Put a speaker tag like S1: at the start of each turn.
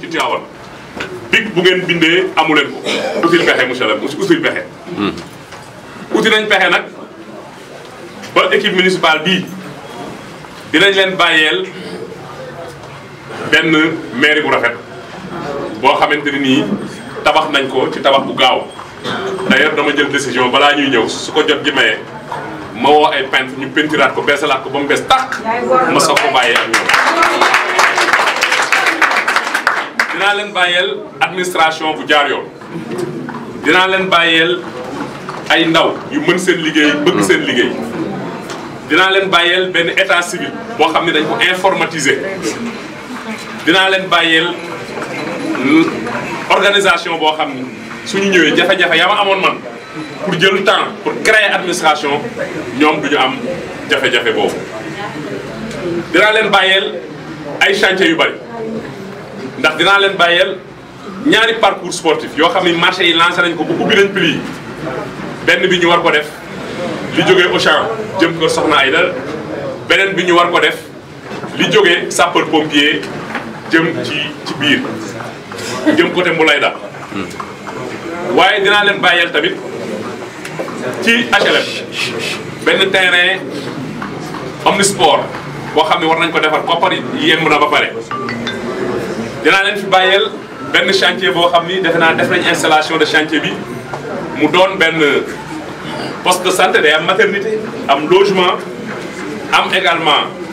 S1: ci Tivaouane big bu ngeen bindee amuleen ko util pexe monsieur le monsieur util pexe. uti nañ pexe nag ba équipe municipale bii dinañ leen bàyyeel benn mairie bu rafet boo xamante ni nii tabax nañ ko ci tabax bu gaaw d'ailleurs dama jël décision balaa ñuy ñëw su ko jot gi maye ma woo ay pent ñu peintiraat ko beesalaat ko ba mu bees tàq ma soog ko bàyyee ak ñoom. dinaa leen bàyyeel administration bu jaar yoon dinaa leen bàyyeel ay ndaw yu mën seen liggéey bëgg seen liggéey dinaa leen bàyyeel benn état civil boo xam ne dañ ko informatiser dinaa leen bàyyeel organisation boo xam ne suñu ñëwee jafe-jafe yaa ma amoon man pour jël temps pour créer administration ñoom du ñu am jafe-jafe boobu dinaa leen bàyyeel ay chantier yu bari ndax dinaa leen bàyyeel ñaari parcours sportif yoo xam ni marché yi lancé nañ ko bu ubbi nañ prix yi benn bi ñu war ko def li jógee Auchan jëm ko Soxna Aïda beneen bi ñu war ko def li jógee sapeur pompier jëm ci ci biir jëm côté Mboulay da waaye dinaa leen bàyyeel tamit ci HLM benn terrain omnisport boo xam ne war nañ ko defal defar koppar yemb na ba pare dinaa leen fi bàyyeel benn chantier boo xam ni defe naa def nañ installation de chantier bi mu doon benn poste de santé day am maternité am logement am également